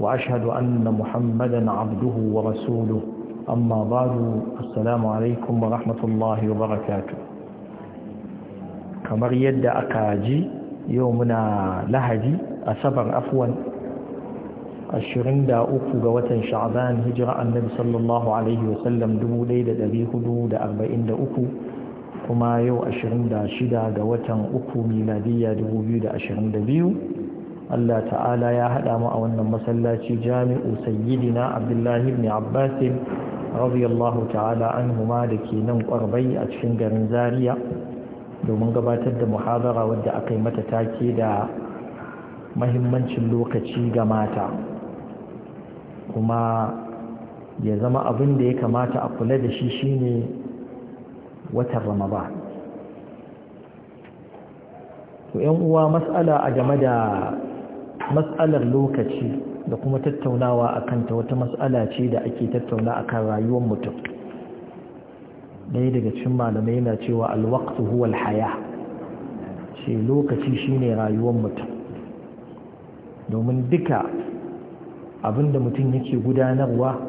وأشهد أن محمدا عبده ورسوله أما بعد السلام عليكم ورحمة الله وبركاته كما يد أكاجي يومنا لهدي أسبر أفوا الشرين دا أكو قوة شعبان هجرة النبي صلى الله عليه وسلم دو ليلة أبي هدو دا أربعين دا أكو كما يو أشرين دا شدا قوة أكو ميلادية دو بيو دا أشرين دا بيو Allah ta'ala ya haɗa mu a wannan masallaci jami'u sayyidina abdullahi ibn abbas radiyallahu ta'ala anhuma da ke nan ƙwarbai a cikin garin zaria domin gabatar da muhabara wadda aka yi mata take da mahimmancin lokaci ga mata kuma ya zama abin da ya kamata a kula da shi shine watan ramadan to yan uwa matsala a game da matsalar lokaci da kuma tattaunawa a kanta wata matsala ce da ake tattauna a kan rayuwar mutum ɗaya daga cikin malamai na cewa alwaktu huwal haya ce lokaci shine rayuwar mutum domin duka abinda mutum yake gudanarwa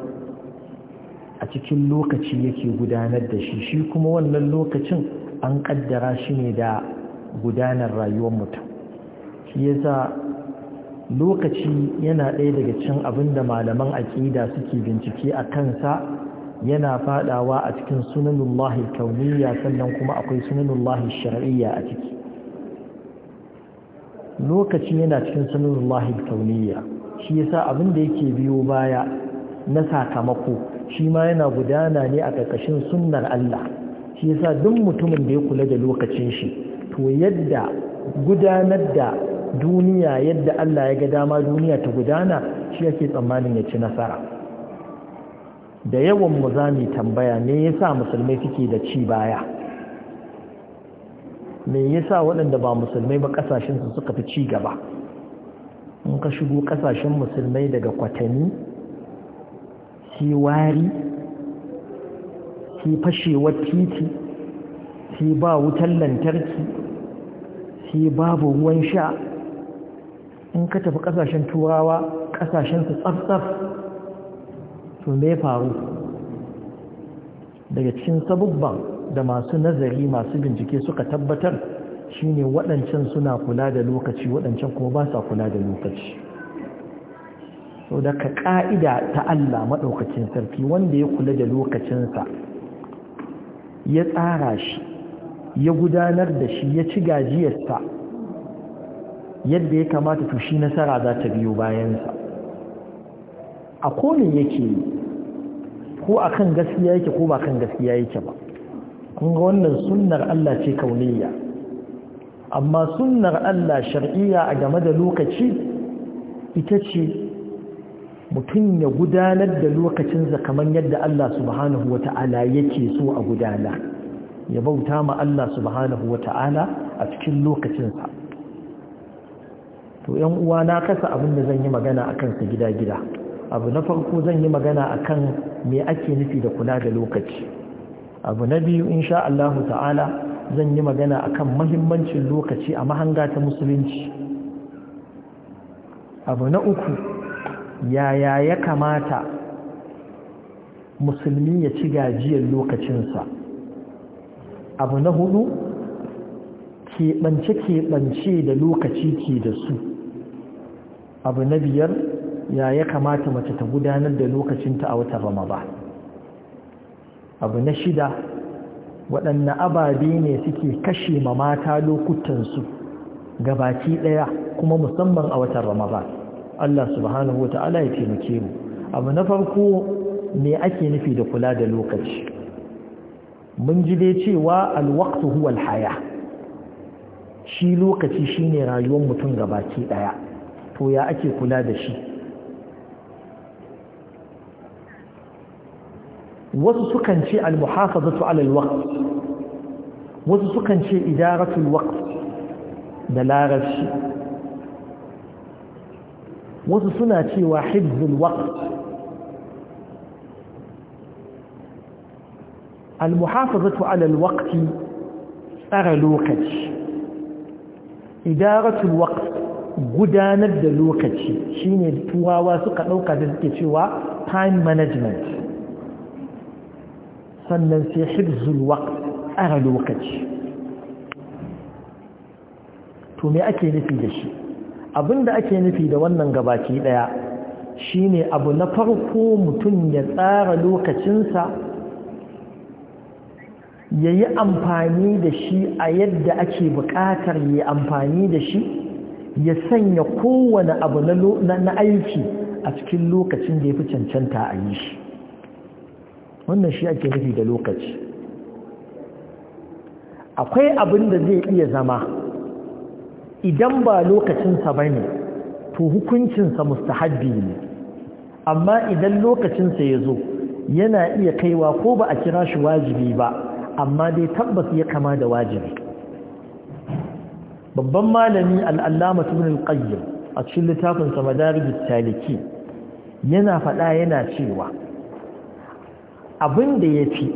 a cikin lokaci yake gudanar da shi shi kuma wannan lokacin an kaddara shi ne da gudanar rayuwar mutum shi yasa lokaci yana ɗaya daga cin abin da malaman aƙida suke bincike a kansa yana faɗawa a cikin lahi kauniyya sannan kuma akwai lahi shari'a a ciki lokaci yana cikin lahi kauniyya shi yasa abin da yake biyo baya na sakamako shi ma yana gudana ne a ƙarƙashin sunnar Allah shi yasa duk mutumin da ya kula da lokacin shi to yadda gudanar da duniya yadda Allah ya ga dama duniya ta gudana shi yake tsammanin ya ci nasara da yawan mu za mu tambaya me yasa musulmai suke da ci baya me yasa waɗanda ba musulmai ba kasashen su suka fi ci gaba in ka shigo ƙasashen musulmai daga kwatani si wari si fashewar titi si ba wutar lantarki si babu ruwan sha in ka tafi ƙasashen turawa ƙasashen su tsaf-tsaf su faru daga cikin sabubban da masu nazari masu bincike suka tabbatar shine waɗancan suna kula da lokaci waɗancan kuma ba sa kula da lokaci so da ka ƙa'ida ta Allah maɗaukacin sarki wanda ya kula da lokacinsa ya tsara shi ya gudanar da shi ya ci gajiyarsa yadda ya kamata to shi nasara za ta biyo bayansa a komin yake ko a kan gaskiya yake ko ba kan gaskiya yake ba kun ga wannan sunnar Allah ce kauniyya amma sunnar Allah shar'iyya a game da lokaci ita ce mutum ya gudanar da lokacinsa kamar yadda Allah subhanahu wa ta'ala yake so a gudana ya bauta ma Allah subhanahu wa ta'ala a cikin lokacinsa to yan uwa na kasa abin da zan yi magana akan su gida gida abu na farko zan yi magana akan me ake nufi da kula da lokaci abu na biyu insha Allah ta'ala zan yi magana akan mahimmancin lokaci a mahanga ta musulunci abu na uku yaya ya kamata musulmi ya ci gajiyar lokacinsa abu na hudu keɓance-keɓance da lokaci ke da su abu na biyar ya ya kamata mace ta gudanar da lokacinta a watan ramadan abu na shida waɗanne ababe ne suke kashe ma mata lokutansu gabaki ɗaya kuma musamman a watan ramadan Allah subhanahu wa ta'ala ya taimake mu abu na farko ne ake nufi da kula da lokaci mun ji dai cewa alwaqtu huwa alhaya shi lokaci shine rayuwar mutum gabaki ɗaya to ya ake kula da shi wasu sukan ce al-muhafazatu ala al-waqt wasu sukan ce idaratu al-waqt da larabci wasu suna ce cewa hibzul waqt المحافظة على الوقت أغلوكج إدارة الوقت gudanar da lokaci shine tuwawa suka ɗauka da suke cewa time management sannan sai hibzul waqt tsara lokaci to me ake nufi da shi abinda ake nufi da wannan gabaki daya shine abu na farko mutum ya tsara lokacinsa ya yi amfani da shi a yadda ake buƙatar ya amfani da shi ya sanya kowane abu na aiki a cikin lokacin da ya fi cancanta a yi shi wannan shi ake nufi da lokaci akwai abin da zai iya zama idan ba lokacinsa ba ne to hukuncinsa mustahabbi ne amma idan lokacinsa ya zo yana iya kaiwa ko ba a kira shi wajibi ba amma dai tabbas ya kama da wajibi babban malami al'allama tunin ƙayyar a cikin littafinsa madarij taliki yana faɗa yana cewa abin da ya fi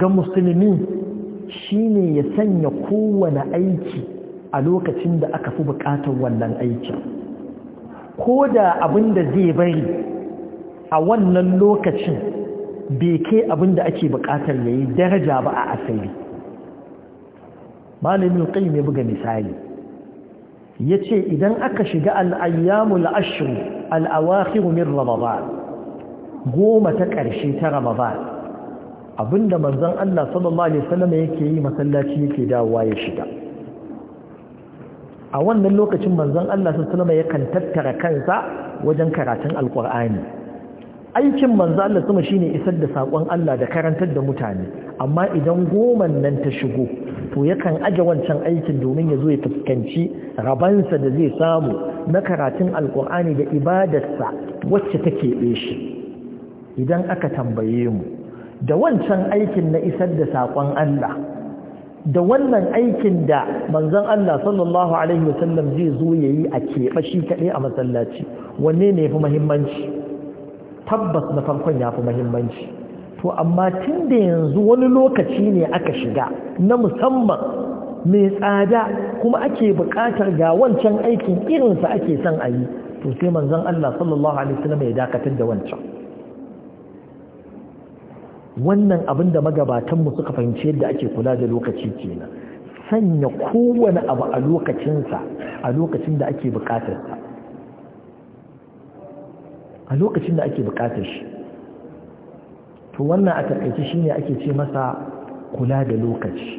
ga musulmi shine ya sanya kowane aiki a lokacin da aka fi bukatar wannan aikin ko da abin da zai bari a wannan lokacin bai kai abin da ake bukatar ya yi daraja ba a asali malamin qayyim ya buga misali Ya ce idan aka shiga al ashiru ashr al-awakhir min ramadan goma ta ƙarshe ta ramadan abinda manzon Allah sallallahu alaihi wasallam yake yi masallaci yake dawowa ya shiga a wannan lokacin manzon Allah sallallahu alaihi yakan tattara kansa wajen karatun Alƙur'ani. aikin manzon Allah sama shine isar da sakon Allah da karantar da mutane amma idan goman nan ta shigo to yakan aje wancan aikin domin ya zo ya fuskanci rabansa da zai samu na karatun alkur'ani da ibadarsa wacce ta keɓe shi idan aka tambaye mu da wancan aikin na isar da saƙon Allah da wannan aikin da manzon Allah sallallahu alaihi wasallam zai zo yayi a keɓe shi kaɗai a masallaci wanne ne ya fi muhimmanci tabbas na farkon ya fi muhimmanci to amma tun da yanzu wani lokaci ne aka shiga na musamman mai tsada kuma ake buƙatar ga wancan aikin irinsa ake son a yi to sai manzon Allah sallallahu alaihi wasallam ya dakatar da wancan wannan abin da magabatanmu suka fahimci yadda ake kula da lokaci kenan sanya kowane abu a lokacinsa a lokacin da ake buƙatarsa a lokacin da ake buƙatar shi to wannan a takaice shine ake ce masa kula da lokaci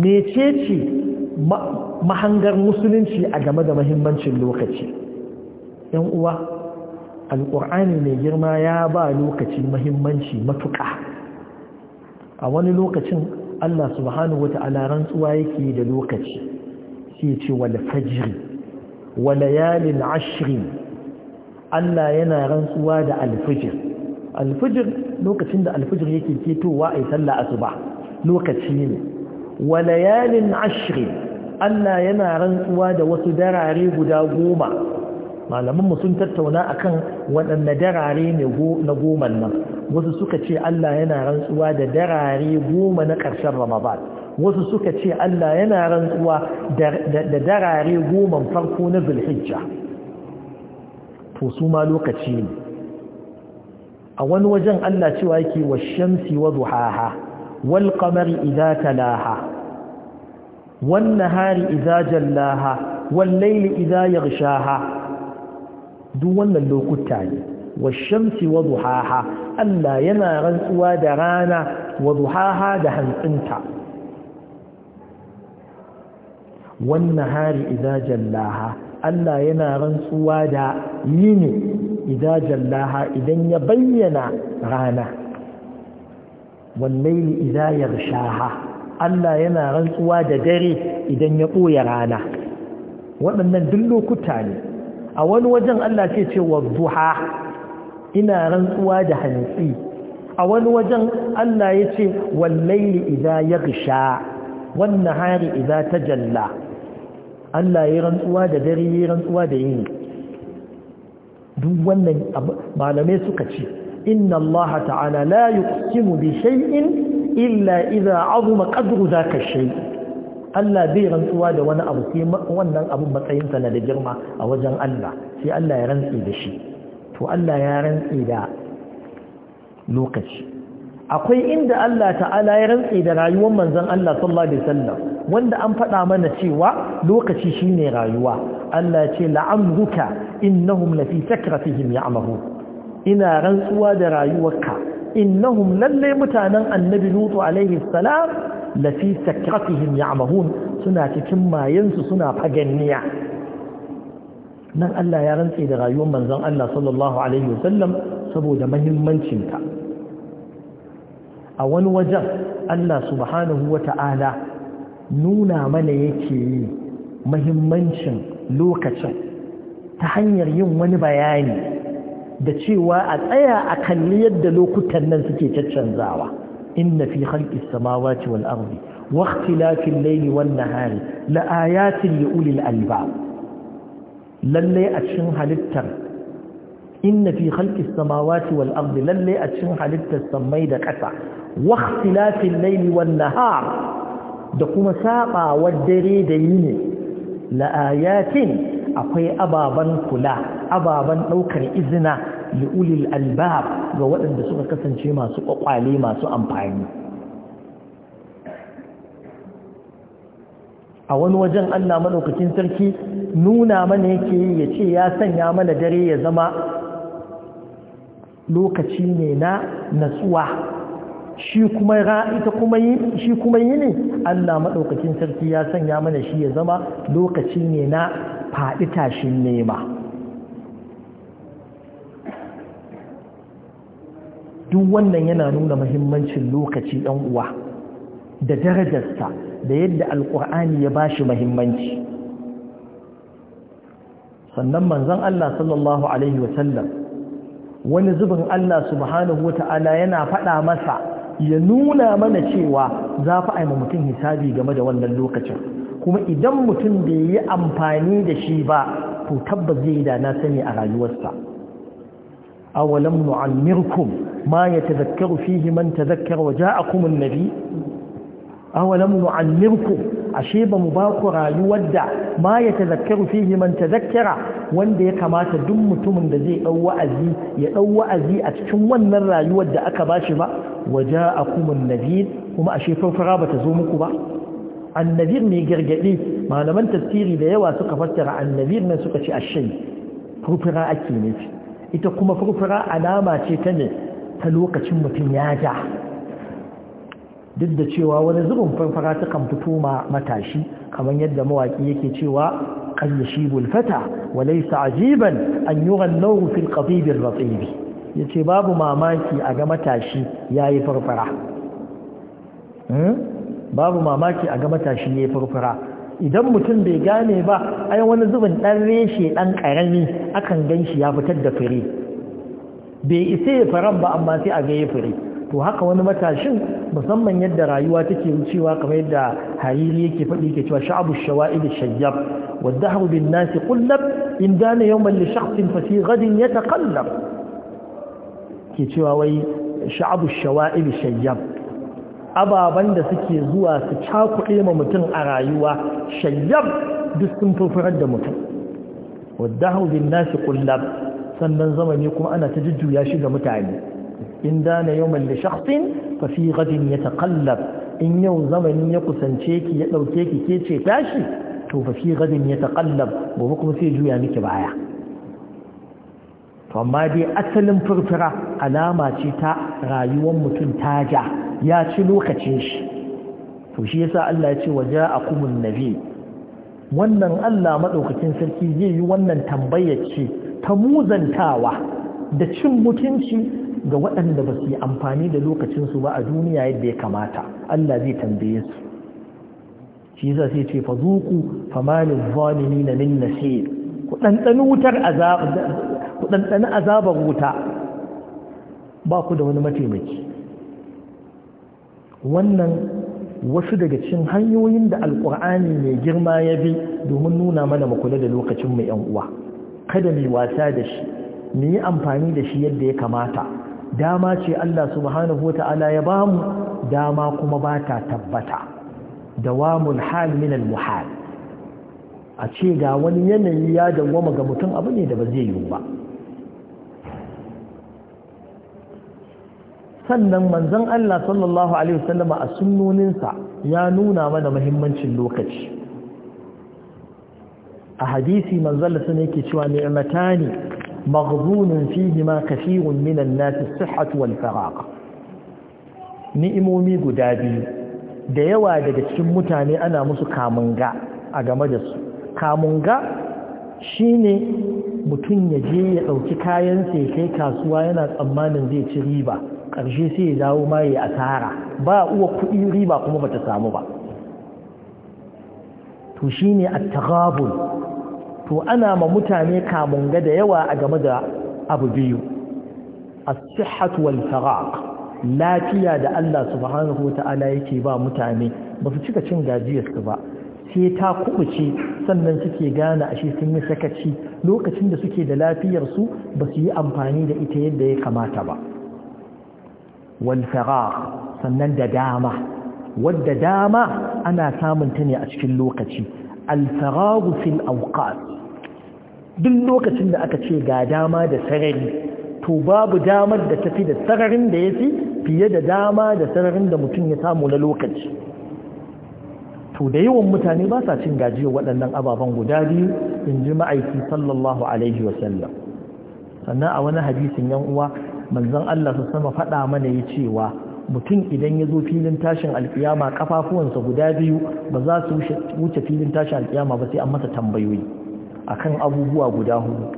mecece mahangar musulunci a game da mahimmancin lokaci yan uwa alƙur'ani mai girma ya ba lokaci mahimmanci matuƙa a wani lokacin Allah subhanahu wata'ala rantsuwa yake da lokaci sai ce wal fajiri, wa yalin ashirin. Allah yana rantsuwa da alfijir alfijir lokacin da alfijir yake ketowa a sallah asuba lokaci ne walayalin ashirin Allah yana rantsuwa da wasu darare guda goma mu sun tattauna akan waɗanne darare ne na goman nan wasu suka ce Allah yana rantsuwa da darare goma na ƙarshen ramadan wasu suka ce Allah yana rantsuwa da darare goman farko na zulhijja to su ma lokaci ne a wani wajen Allah cewa yake wa shamsi wa duhaha wal qamari idza talaha wan nahari idza jallaha wal layli idza yaghshaha duk wannan lokuta ne wa shamsi wa duhaha Allah yana rantsuwa da rana wa duhaha da hantsinta wan nahari idza jallaha Allah yana rantsuwa da yini idza jallaha idan ya bayyana rana wallaili idza yarshaha Allah yana rantsuwa da dare idan ya ɓoye rana waɗannan duk lokuta ne a wani wajen Allah ke ce wa duha ina rantsuwa da hantsi a wani wajen Allah ya ce wallaili idza yarsha wannan hari ta jalla. Allah ya rantsuwa da dare ya rantsuwa da yini duk wannan malamai suka ce inna Allaha ta'ala la yuqsimu bi shay'in illa idza azuma qadru zaka shay Allah bai rantsuwa da wani abu sai wannan abun matsayin sa na da girma a wajen Allah sai Allah ya rantsi da shi to Allah ya rantsi da lokaci akwai inda Allah ta'ala ya rantsi da rayuwar manzon Allah sallallahu alaihi wasallam wanda an faɗa mana cewa lokaci shine rayuwa Allah ya ce la'amruka innahum lafi sakratihim ya'mahu ina rantsuwa da rayuwarka innahum lalle mutanen annabi lutu alaihi salam lafi sakratihim ya'mahun suna cikin mayansu suna faganniya nan Allah ya rantse da rayuwar manzon Allah sallallahu alaihi wasallam saboda muhimmancinta a wani wajen Allah subhanahu wata'ala nuna mana yake yi muhimmancin lokacin ta hanyar yin wani bayani da cewa a tsaya a kalli yadda lokutan nan suke caccanzawa inna fi khalqis samawati wal ardi wa ikhtilafil layli wan nahari la ayatin li ulil albab lalle a cikin halittar inna fi khalqis samawati wal ardi lalle a cikin halittar samai da ƙasa wa ikhtilafil layli wan nahar da kuma saba wa dare da yini la'ayatin akwai ababan kula ababan ɗaukar izina li'ulil albab ga waɗanda suka kasance masu ƙwaƙwale masu amfani a wani wajen allah maɗaukacin sarki nuna mana yake yi ya ce ya sanya mana dare ya zama lokaci ne na natsuwa shi kuma ita kuma yi ne Allah madaukakin sarki ya sanya mana shi ya zama lokaci ne na faɗi tashin nema duk wannan yana nuna muhimmancin lokaci ɗan uwa da darajarsa da yadda alƙur'ani ya ba shi muhimmanci sannan manzon Allah sallallahu alaihi wasallam wani zubin Allah subhanahu wa ta'ala yana faɗa masa ya nuna mana cewa za fa aima mutum hisabi game da wannan lokacin kuma idan mutum bai yi amfani da shi ba to tabbas zai da na sani a rayuwarsa awalam nu'ammirkum ma yatadhakkaru fihi man tadhakkara wa ja'akum A nabi awalam nu'ammirkum ashe ba mu ba ku rayuwar da ma yatadhakkaru fihi man zakkara wanda ya kamata duk mutumin da zai ɗau wa'azi ya ɗau wa'azi a cikin wannan rayuwar da aka bashi ba waja a kuma nazir kuma ashe farfara ba ta zo muku ba annazir ne gargaɗe malaman tafsiri da yawa suka fassara annazir na suka ce ashai farfara ake ne ita kuma farfara alama ce ta ne ta lokacin mutum ya ja duk da cewa wani zubin farfara ta kan fito ma matashi kamar yadda mawaƙi yake cewa kan yashi bulfata wa laisa ajiban an yi wannan rufin ƙafibin ratsibi ya ce babu mamaki a ga matashi ya yi farfara hmm? babu mamaki a ga matashi ya yi farfara idan mutum bai gane ba ai wani zubin ɗan reshe ɗan ƙarami akan gan shi ya fitar da fure bai isa ya faran ba amma sai a ga ya fure to haka wani matashin musamman yadda rayuwa take wucewa kamar yadda hariri yake faɗi ke cewa sha'abu shawa'id shayyab wadda dahru bin nas qullab in dana yawman li shakhsin fa fi ghadin yataqallab suke cewa wai sha'abu shawa'il shayyab ababan da suke zuwa su cakuɗe ma mutum a rayuwa shayyab duk sun furfurar da mutum wadda hauzin nasi kullab sannan zamani kuma ana ta jujjuya shi ga mutane in dana yawman da shakhsin fa fi gadin ya taqallab in yau zamani ya kusance ki ya dauke ki ke ce tashi to fa fi gadin ya taqallab gobe kuma sai juya miki baya amma dai asalin furfura alama ce ta rayuwar mutum ta ja ya ci lokacin shi to shi yasa Allah ya ce waje a kumun nabi wannan Allah maɗaukacin sarki zai yi wannan tambaya ce ta muzantawa da cin mutunci ga waɗanda ba su yi amfani da lokacinsu ba a duniya yadda ya kamata Allah zai tambaye su shi yasa sai ce fa famalin zalimi na min nasir ku ɗanɗani wutar ku ɗanɗani azabar wuta ba ku da wani mataimaki wannan wasu daga cikin hanyoyin da alƙur'ani mai girma ya bi domin nuna mana makula da lokacin mai yan uwa kada mai wasa da shi mu yi amfani da shi yadda ya kamata dama ce Allah subhanahu wa ta'ala ya ba mu dama kuma ba ta tabbata dawamul hal min al muhal a ce ga wani yanayi ya dawwama ga mutum abu ne da ba zai yiwu ba sannan manzon Allah sallallahu alaihi wasallama a sunnoninsa ya nuna mana muhimmancin lokaci a hadisi manzon sun yake cewa ni'matani maghbunun fihima kathirun minan nas sihat wal faraq ni'imomi guda biyu da yawa daga cikin mutane ana musu kamunga a game da su kamunga shine mutum ya je ya ɗauki kayan sai kai kasuwa yana tsammanin zai ci riba ƙarshe sai ya dawo ma ya asara ba uwa kuɗi riba kuma bata samu ba to shine at-taghabul to ana ma mutane kamunga da yawa a game da abu biyu as-sihhatu wal faraq lafiya da Allah subhanahu wata'ala yake ba mutane ba su cika cin gajiyarsu ba sai ta kubuce sannan suke gane a shi sun yi sakaci lokacin da suke da lafiyarsu ba su yi amfani da ita yadda ya kamata ba Walfara sannan da dama wadda dama ana samun ta ne a cikin lokaci al fil awqat duk lokacin da aka ce ga dama da sarari to babu damar da tafi da sararin da yafi fiye da dama da sararin da mutum ya samu na lokaci to da yawan mutane ba sa cin gajiyar waɗannan ababen guda biyu in ji ma'aiki sallallahu alaihi wasallam sannan a wani hadisin yan uwa manzon Allah su sama faɗa mana ya cewa mutum idan ya zo filin tashin alkiyama ƙafafuwansa guda biyu ba za su wuce filin tashin alkiyama ba sai an masa tambayoyi akan abubuwa guda hudu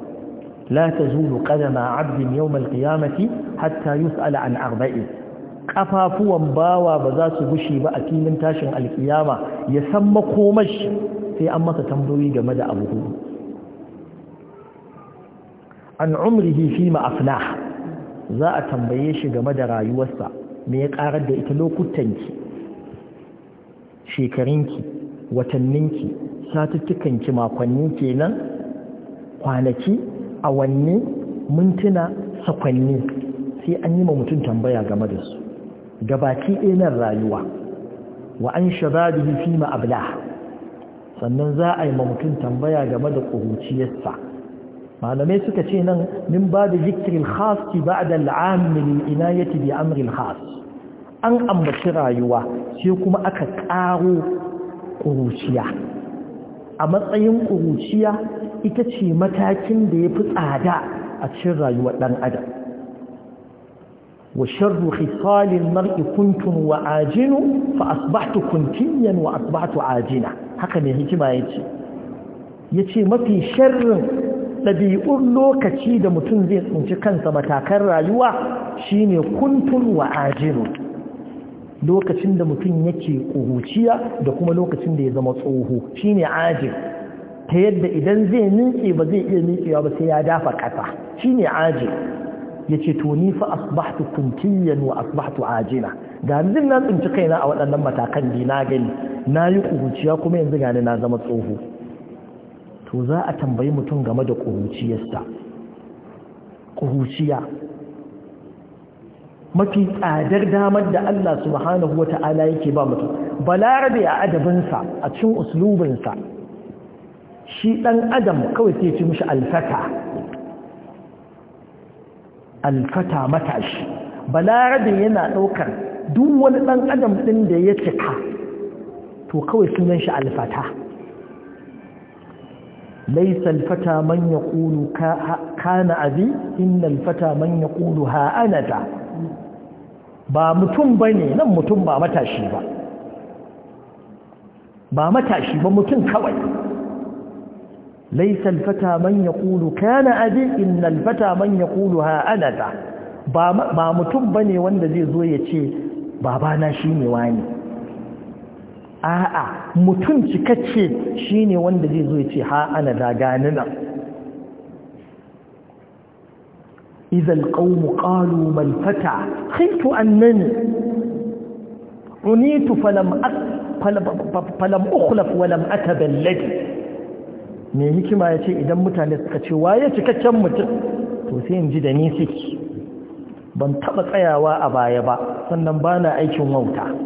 la tazulu qadama 'abdin yawm al-qiyamati hatta yus'ala an arba'in Ƙafafuwan bawa ba za su gushi ba a filin tashin alkiyama ya san makomashi sai an masa tambayoyi game da abu hudu an umrihi fi ma za a tambaye shi game da rayuwarsa me ya karar da ita lokutanki shekarunki watanninki satuttukanki makonni kenan kwanaki awanni mintuna sakwanni sai an yi ma mutum tambaya game da su gabaki ɗanar rayuwa wa an shababihi fi ma'abla sannan za a yi ma mutum tambaya game da ƙuruciyarsa malamai suka ce nan min ba da zikirin khasi ba da al'amin inayati bi amrin khas an ambaci rayuwa sai kuma aka ƙaro ƙuruciya a matsayin ƙuruciya ita ce matakin da ya fi tsada a cin rayuwar ɗan adam wa sharru khisalin mar'i kuntun wa ajinu fa asbahtu kuntiyan wa asbahtu ajina haka ne hikima yace yace mafi sharrin ɗabi'un lokaci da mutum zai tsinci kansa matakan rayuwa shine kuntun wa ajiru lokacin da mutum yake ƙuruciya da kuma lokacin da ya zama tsoho shine ajir ta yadda idan zai nintse ba zai iya nintsewa ba sai ya dafa ƙasa shine ajir ya ce to ni fa asbahtu kuntiyan wa asbahtu ajina ga na tsinci kaina a waɗannan matakan di na gani na yi ƙuruciya kuma yanzu gani na zama tsoho to za a tambayi mutum game da ƙuruciyarsa ƙuruciya mafi tsadar damar da Allah subhanahu wa ta'ala yake ba mutum balarabe a adabinsa a cin uslubinsa shi ɗan adam kawai sai ci mishi alfata alfata matashi balarabe yana ɗaukar duk wani ɗan adam ɗin da ya cika to kawai sunan shi alfata laisa alfata man ya ƙulu kana abi inna alfata man ya ƙulu ha'anata ba mutum bane, nan mutum ba matashi ba ba matashi ba mutum kawai laisa alfata man ya ƙulu kana abi inna alfata man ya ƙulu ba mutum ba wanda zai zo ya ce babana shi ne wani ne a'a mutum cikakke shine wanda zai zo ya ce ha ana da gani nan idal fata annani unitu falam ukhlaf wa lam ataballad me hikima yace idan mutane suka ce waye cikakken mutum to sai in ji da ni siki ban taba tsayawa a baya ba sannan bana aikin wauta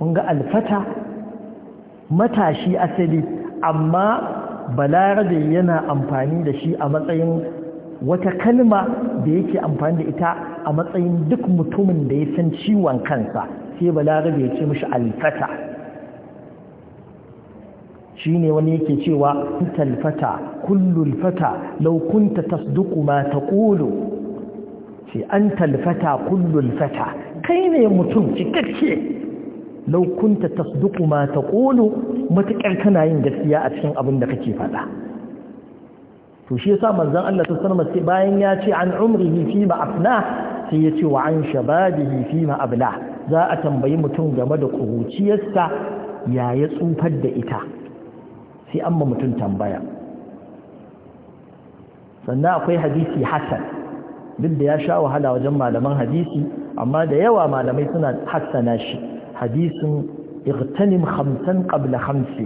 kun ga alfata matashi asali amma balarabe yana amfani da shi a matsayin wata kalma da yake amfani da ita a matsayin duk mutumin da ya san ciwon kansa sai balarabe ya ce mishi alfata shi ne wani yake cewa talfata kullul fata laukunta ta tasduqu ma ƙulu ce an talfata kullul fata kai ne mutum cikakke Laukunta kunta tasduqu ma taqulu matuƙar kana yin gaskiya a cikin abin da kake faɗa to shi yasa manzon Allah ta alaihi wasallam bayan ya ce an umrihi fi ma afna sai ya ce wa an shababihi fi ma abla za a tambayi mutum game da kuruciyarsa ya ya tsufar da ita sai an ma mutum tambaya sannan akwai hadisi hasan duk da ya sha wahala wajen malaman hadisi amma da yawa malamai suna hassana shi hadisin igtanim khamsan qabla khamsi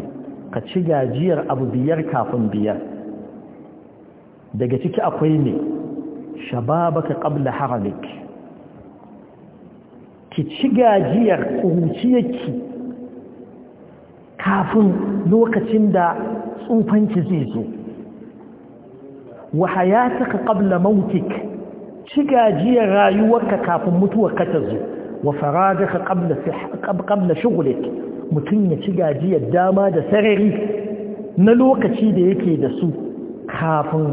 ka ci gajiyar abu biyar kafin biyar daga ciki akwai ne shababaka qabla haramik ki ci gajiyar kuruciyarki kafin lokacin da tsufanki zai zo wa ka ƙabla mautik ci gajiyar rayuwarka kafin ka ta zo wa farajaka qabla shughlik mutum ya ci gajiyar dama da sarari na lokaci da yake da su kafin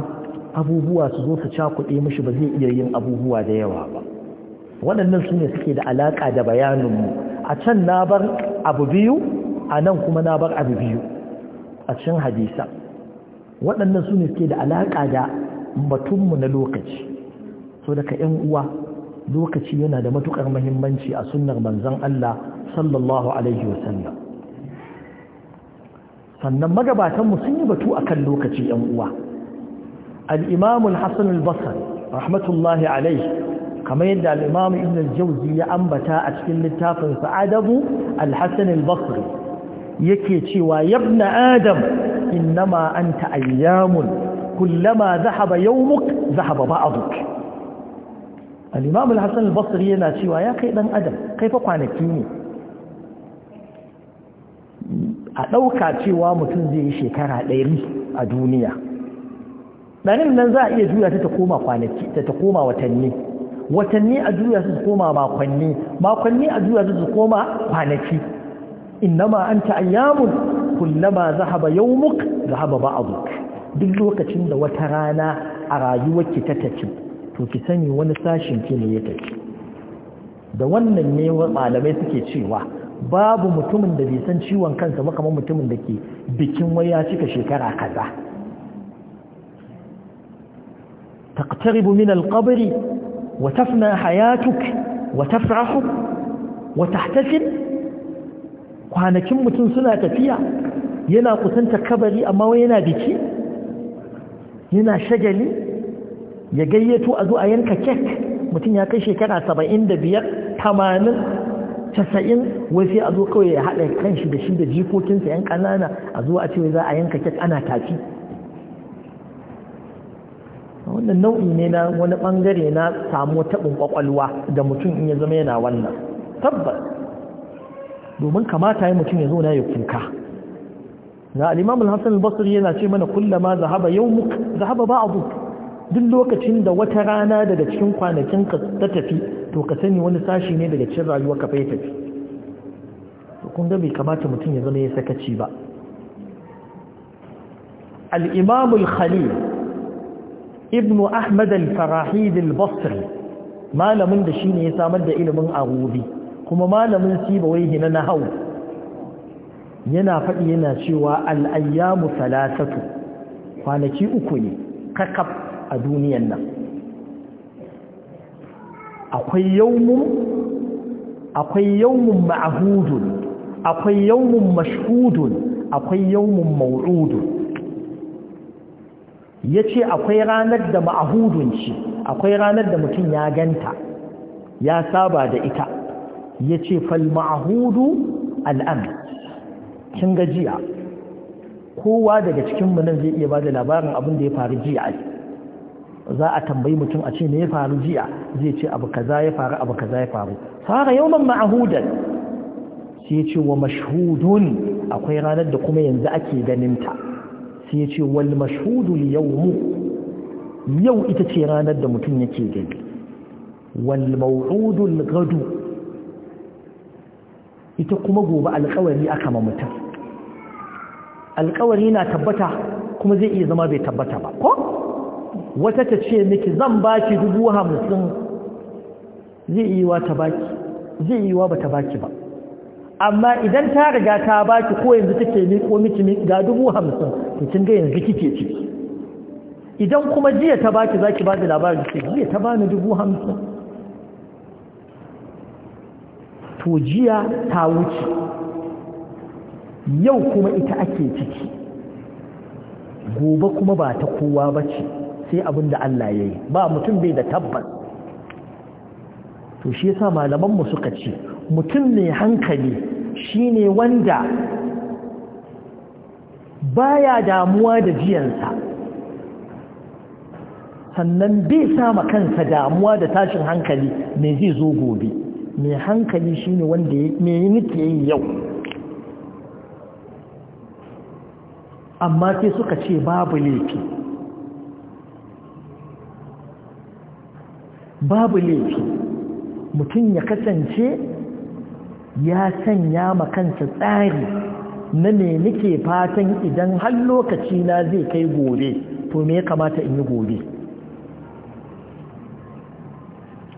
abubuwa su zo su cakuɗe mishi ba zai iya yin abubuwa da yawa ba waɗannan su ne suke da alaƙa da bayaninmu a can na bar abu biyu a nan kuma na bar abu biyu a cin hadisa waɗannan su ne suke da alaƙa da batunmu na lokaci so daga 'yan uwa lokaci yana da matukar muhimmanci a sunnar manzon Allah sallallahu alaihi wasallam sannan magabatanmu sun yi batu a kan lokaci yan uwa Al'imamul imam al-hasan rahmatullahi alaihi kamar yadda al-imam ibn al-jawzi ya ambata a cikin littafin sa adabu al-hasan al-basri yake cewa yabna adam innama anta ayyamun kullama zahaba yawmuk dhahaba buk. al-imam al al yana cewa ya kai ɗan adam kaifa kwanaki ne a ɗauka cewa mutum zai yi shekara ɗari a duniya ɗarin nan za a iya juya ta ta koma kwanaki ta ta koma watanni watanni a juya su koma makonni makonni a juya su koma kwanaki innama anta ayyamun kullama zahaba yawmuk zahaba ba'duk duk lokacin da wata rana a rayuwarki ta tafi to ki sani wani sashin ki ne ya tafi da wannan ne malamai suke cewa babu mutumin da bai san ciwon kansa ba kamar mutumin da ke bikin waya cika shekara kaza taqtaribu min alqabri wa tafna hayatuk wa tafrahu wa tahtafil kwanakin mutum suna tafiya yana kusanta kabari amma wai yana biki yana shagali ya gayyato a zo a yanka kek mutum ya kai shekara saba'in da biyar tamanin casa'in wai sai a zo kawai ya haɗa kanshi da shi da jikokinsa yan ƙanana a zo a ce za a yanka kek ana tafi wannan nau'i ne na wani ɓangare na samu taɓin ƙwaƙwalwa da mutum in ya zama yana wannan tabbas domin kamata ya mutum ya zo na ya kuka na al'imamul hassan al-basri yana ce mana kullama zahaba yau muka zahaba ba abu duk lokacin da wata rana daga cikin kwanakin ta tafi to ka sani wani sashi ne daga cikin rayuwar ka fai tafi to kun ga bai kamata mutum ya zama ya sakaci ba al-imam al-khalil ibn ahmad al-farahid al-basri malamin da shine ya samar da ilimin arubi kuma malamin Siba sibawaihi na hau, yana faɗi yana cewa ayyamu salasatu kwanaki uku ne kakaf a duniyan nan akwai yawmun akwai yawmun ma'ahudun akwai yawmun mashhudun akwai yawmun maw'udun ya ce akwai ranar da ma'ahudun ce akwai ranar da mutum ya ganta ya saba da ita ya ce fal ma'ahudu al'am kin gajiya kowa daga cikin munan zai iya ba da labarin abin da ya faru jiya za a tambayi mutum a ce me ya faru jiya zai ce abu kaza ya faru abu kaza ya faru fara yawan ma'ahudan sai ya ce wa mashhudun akwai ranar da kuma yanzu ake ganin ta sai ya ce wal mashhudu yawmu yau ita ce ranar da mutum yake gani wal mawudu gadu ita kuma gobe alƙawari aka ma mutum alƙawari na tabbata kuma zai iya zama bai tabbata ba ko wata ta ce miki zan baki dubu hamsin zai yi wa ta baki zai yi wa ba ta baki ba amma idan ta riga ta baki ko yanzu take miko miki ga dubu hamsin to kin ga yanzu kike ci. idan kuma jiya ta baki zaki ba da labarin ce jiya ta bani dubu hamsin to jiya ta wuce yau kuma ita ake ciki gobe kuma ba ta kowa ba ce sai abin da Allah ya yi ba mutum bai da tabbas to shi yasa malamanmu suka ce mutum mai hankali shine wanda baya damuwa da jiyansa sannan bai sama kansa damuwa da tashin hankali mai zai zo gobe mai hankali shine wanda me nake yi yau amma sai suka ce babu laifi babu laifi mutum ya kasance ya sanya ma kansa tsari na me nake fatan idan har lokaci na zai kai gobe to me ya kamata in yi gobe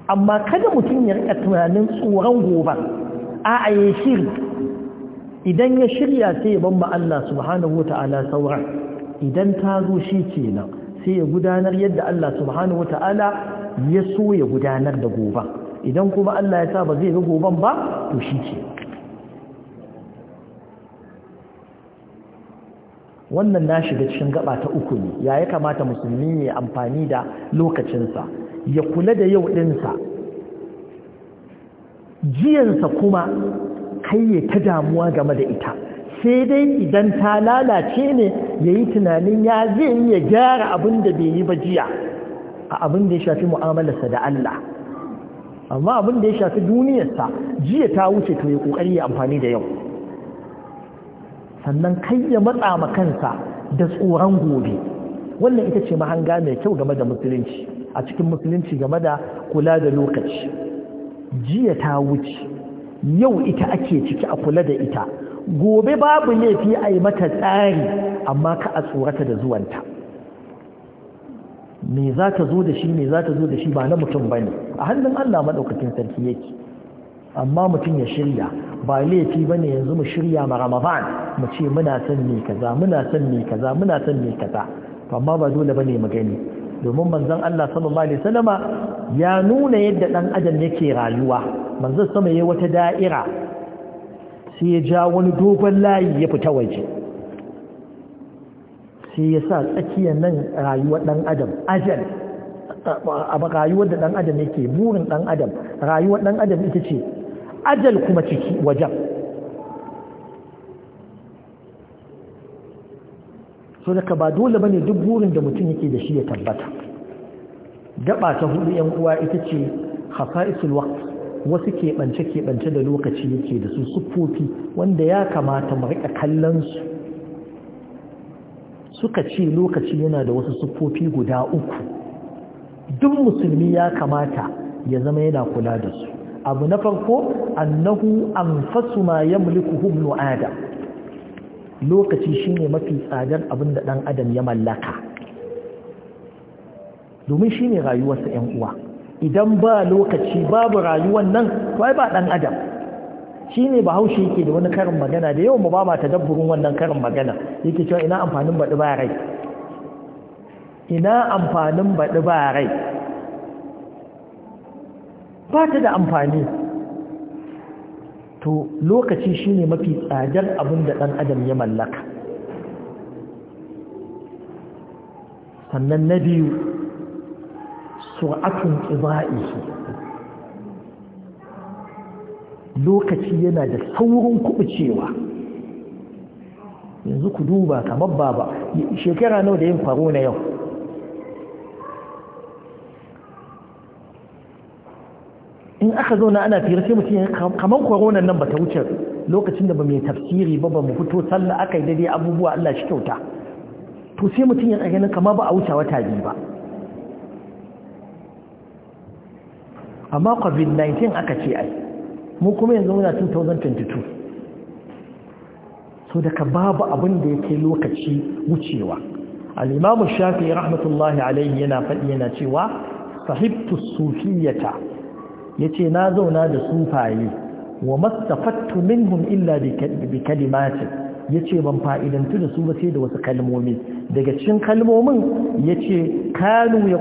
amma kada mutum ya rika tunanin tsoron gobe a a yi shiri idan ya shirya sai ya ban Allah subhanahu wa ta'ala sauran idan ta zo shi kenan sai ya gudanar yadda Allah subhanahu wa ta'ala ya so ya gudanar da goban idan kuma Allah ya sa ba zai ga goban ba to shi ce wannan na shiga cikin gaba ta uku ne ya ya kamata musulmi ya amfani da lokacinsa ya kula da yau ɗinsa jiyansa kuma kai ya ta damuwa game da ita sai dai idan ta lalace ne ya yi tunanin ya zai ya gyara abin da bai yi ba jiya a abin da ya shafi mu'amalarsa da Allah amma abin da ya shafi duniyarsa jiya ta wuce to ya ƙoƙari ya amfani da yau sannan kai ya matsa ma kansa da tsoron gobe wannan ita ce mahanga mai kyau game da musulunci a cikin musulunci game da kula da lokaci jiya ta wuce yau ita ake ciki a kula da ita gobe babu laifi a yi mata tsari amma ka a tsorata da zuwanta me za ta zo da shi me za ta zo da shi ba na mutum ba ne a hannun Allah maɗaukakin sarki yake amma mutum ya shirya ba laifi ba ne yanzu mu shirya ma ramadan mu ce muna son me kaza muna son me kaza muna son me kaza to amma ba dole ba ne mu gani domin manzon Allah sallallahu alaihi wasallama ya nuna yadda dan adam yake rayuwa manzon sama yayi wata da'ira sai ya ja wani dogon layi ya fita waje sai ya sa tsakiyar nan rayuwar ɗan adam ajal rayuwar da ɗan adam yake burin ɗan adam rayuwar ɗan adam ita ce ajal kuma ciki wajen so daga ba dole bane duk burin da mutum yake da shi ya tabbata daba ta hudu yan uwa ita ce hafa'isul waqt wasu keɓance keɓance da lokaci yake da su siffofi wanda ya kamata mu riƙa kallon su suka ce lokaci yana da wasu siffofi guda uku duk musulmi ya kamata ya zama yana kula da su abu na farko annahu anfasu ma yamlikuhu ibn adam lokaci shine mafi tsadar abin da dan adam ya mallaka domin shine rayuwarsa 'yan uwa idan ba lokaci babu rayuwar nan to ai ba dan adam shi ne bahaushe yake da wani karin magana da yawan mu ba ma tadabburin wannan karin magana yake cewa ina amfanin baɗi ba rai ina amfanin baɗi ba rai ba ta da amfani to lokaci shi ne mafi tsadar abin da ɗan adam ya mallaka sannan na biyu su'atun ƙiba'i lokaci yana da saurin kubucewa yanzu ku duba kamar baba shekara nawa da yin faro na yau in aka zauna ana fira sai mutum kamar koronan nan ba ta wuce lokacin da ba mai tafsiri ba ba mu fito sallah aka yi daidai abubuwa Allah shi kyauta to sai mutum ya ganin kama ba a wuce wata biyu ba amma covid-19 aka ce ai mu kuma yanzu muna 2022 so daga babu abin da yake lokaci wucewa al'imamu shafi rahmatullahi alaihi yana faɗi yana cewa sahibtu sufiyata ya ce na zauna da sufaye wa mastafattu minhum illa bi kalimatin ya ce ban fa'idantu da su ba sai da wasu kalmomi daga cikin kalmomin ya ce kanu ya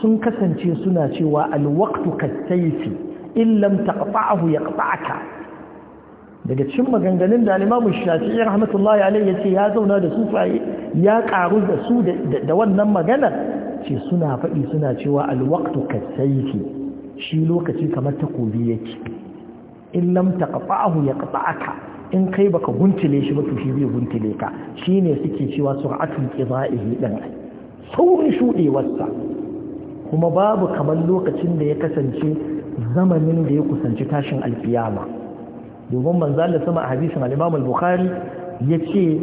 sun kasance suna cewa alwaktu kasaifi illam taqta'ahu yaqta'aka daga cikin maganganun da Imam Shafi'i rahmatullahi alaihi yace ya zauna da sufaye ya karu da su da wannan maganar ce suna faɗi suna cewa alwaqtu kasayfi shi lokaci kamar takobi yake in taqta'ahu yaqta'aka in kai baka guntule shi ba to shi zai guntule ka shine suke cewa sur'atul qida'ihi din saurin shudewarsa kuma babu kamar lokacin da ya kasance zamanin da ya kusanci tashin alkiyama domin manzo da sama a hadisin al-Imam al-Bukhari yace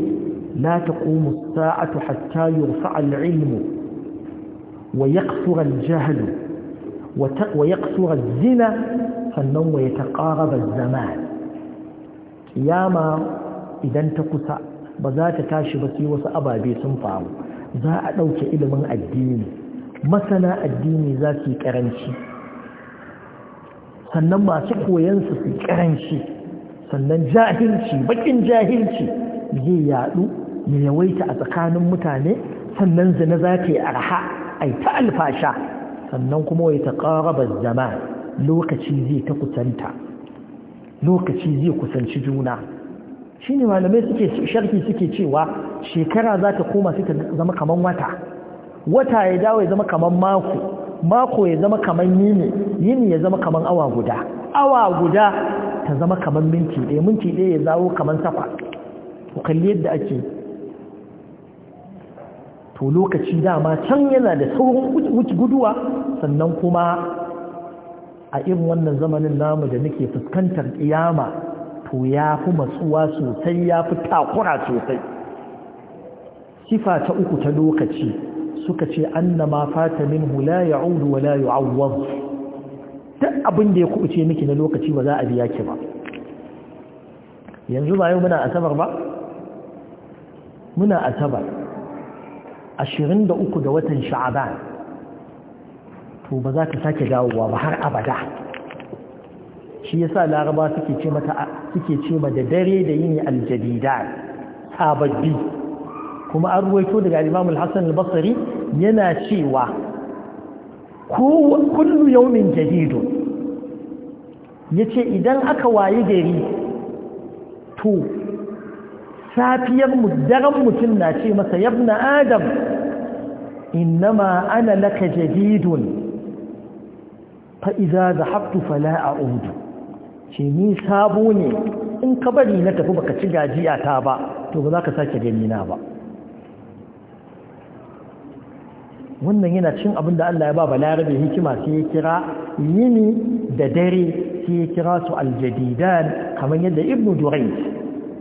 la ta as-sa'atu hatta ilmu wa yaqsura al-jahlu wa zina sannan wa yataqaraba az-zaman kiyama idan ta kusa ba za ta tashi ba sai wasu ababe sun faru za a ɗauke ilimin addini masana addini za su yi ƙaranci sannan masu koyansu su karanci sannan jahilci bakin jahilci zai yadu ya yawaita a tsakanin mutane sannan zina za ta yi arha a ta alfasha sannan kuma wai ta ƙarabar zama lokaci zai ta kusanta lokaci zai kusanci juna shi ne malamai suke sharki suke cewa shekara za ta koma ta zama kaman wata wata ya dawo ya zama kaman mako mako ya zama kamar yini yini ya zama kamar awa guda awa guda ta zama kamar minti ɗaya minti ɗaya ya zawo kamar safa ku kalli yadda ake to lokaci dama can yana da saurin guduwa sannan kuma a irin wannan zamanin namu da nake fuskantar kiyama to ya fi matsuwa sosai ya fi takura sosai sifa ta uku ta lokaci suka ce anna ma fata minhu la ya'udu wa la yu'awwad duk abin da ya kubuce miki na lokaci ba za a biya ki ba yanzu ba yau muna asabar ba muna asabar 23 ga watan sha'aban to ba za ka sake dawowa ba har abada shi yasa laraba suke ce mata suke ce ma da dare da yini aljadida sababbi kuma an ruwaito daga imam al-hassan al-basri yana cewa kullu yawmin jadidu yace idan aka wayi gari to safiyar mu daren mutum na ce masa yabna adam innama ana laka jadidun fa da dhahabtu fala a'udu ce ni sabo ne in ka bari na tafi baka ci gajiya ta ba to ba za ka sake gani na ba wannan yana cin abin da Allah ya ba balarabe hikima sai ya kira yini da dare sai ya kira su aljadidan kamar yadda ibnu durais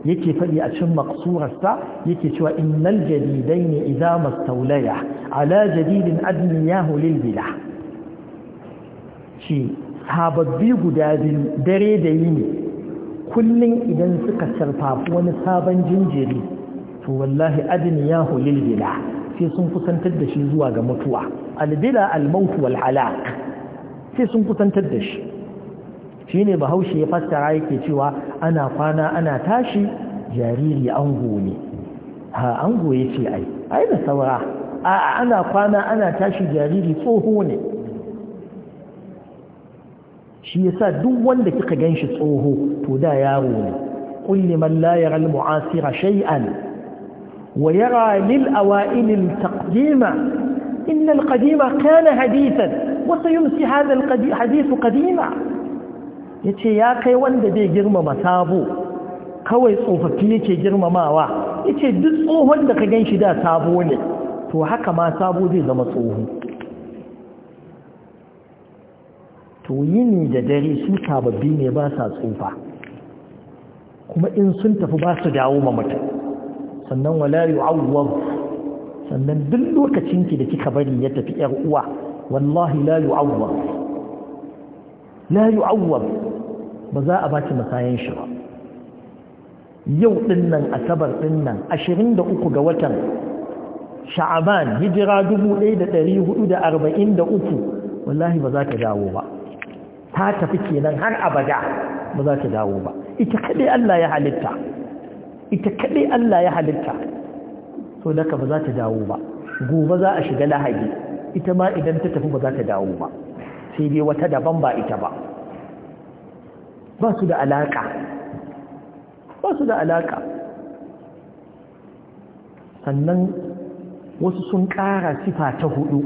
yake faɗi a cikin maksurarsa yake cewa innal jadidain idza mastawlaya ala jadidin adniyahu lil bilah shi sababbi guda biyu dare da yini kullum idan suka sarfafi wani sabon jinjiri to wallahi adniyahu lil bilah sai sun kusantar da shi zuwa ga mutuwa albila almautu wal halak sai sun kusantar da shi shine bahaushe ya fassara yake cewa ana kwana ana tashi jariri ango ne ha ango yace ai ai da saura a ana kwana ana tashi jariri tsoho ne shi yasa duk wanda kika ganshi tsoho to da yaro ne kulli man la yara al mu'asira shay'an ويرى للأوائل التقديم إن القديم كان حديثا وسيمسي هذا الحديث قديما yace ya kai wanda zai girmama sabo kawai tsofaffi yake girmamawa yace duk tsohon da ka ganshi da sabo ne to haka ma sabo zai zama tsoho to yini da dare su sababbi ne ba sa tsufa kuma in sun tafi basu dawo ma mutum sannan wala yu'awwad sannan duk lokacin ki da kika bari ya tafi yar uwa wallahi la yu'awwad la yu'awwad ba za a baki masayan shi ba yau din nan asabar din nan 23 ga watan sha'aban hijira 1443 wallahi ba za ka dawo ba ta tafi kenan har abada ba za ka dawo ba ita kadai Allah ya halitta ita kaɗai Allah ya halitta so daga ba za ta dawo ba gobe za a shiga lahadi ita ma idan ta tafi ba za ta dawo ba sai dai wata daban ba ita ba ba su da alaƙa ba su da alaƙa sannan wasu sun ƙara sifa ta hudu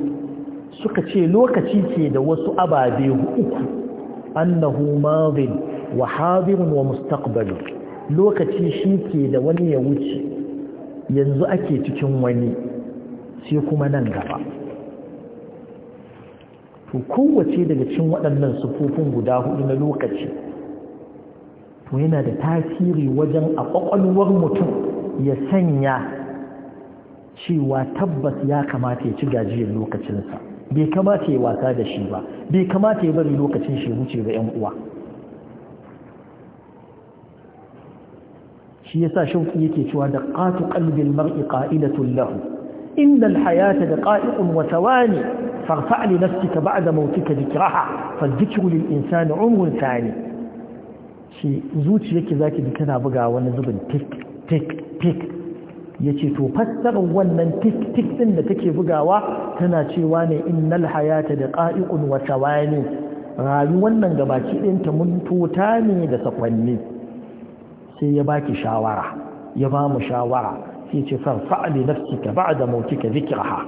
suka ce lokaci ke da wasu ababe uku annahu madin wa hadirun wa mustaqbalin lokaci shi ke da wani ya wuce yanzu ake cikin wani sai kuma nan gaba to kowace daga cikin waɗannan sufufin guda hudu na lokaci to yana da tasiri wajen a ƙwaƙwalwar mutum ya sanya cewa tabbas ya kamata ya ci gajiyar lokacinsa bai kamata ya wasa da shi ba bai kamata ya bari lokacin shi wuce ga 'yan uwa shi yasa shauki yake cewa da qatu qalbil mar'i qa'idatun lahu innal hayata da qa'iqun wa tawani farfa' li nafsika ba'da mautika dhikraha fadhikru lil insani umrun thani shi zuciyarki zaki ji kana buga wani zubin tik tik tik yace to fassarar wannan tik tik din da take bugawa tana cewa ne innal hayata da qa'iqun wa tawani rayuwar nan gabaki ɗinta mun tuta ne da sakwanni sai ya baki shawara ya ba mu shawara sai ce farfa bi nafsika ba'da mautika zikraha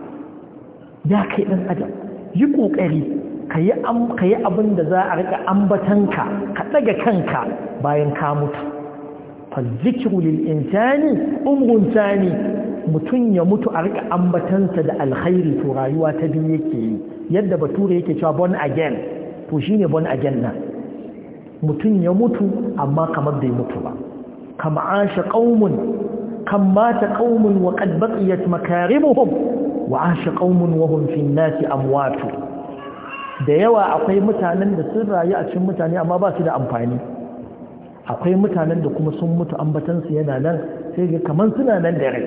ya kai dan adam yi kokari kayi am kayi abin da za a rika ambatanka ka daga kanka bayan ka mutu fa zikru lil insani umrun tani mutun ya mutu a rika ambatansa da alkhairi to rayuwa ta biyu yake yi yadda bature yake cewa born again to shine born again nan mutum ya mutu amma kamar bai mutu ba kam asha qaumun kam mata qaumun wa qad baqiyat makarimuhum wa asha qaumun wa hum fi an-nasi da yawa akwai mutanen da sun rayu a cikin mutane amma ba su da amfani akwai mutanen da kuma sun mutu ambatansu su yana nan sai ga kaman suna nan da rai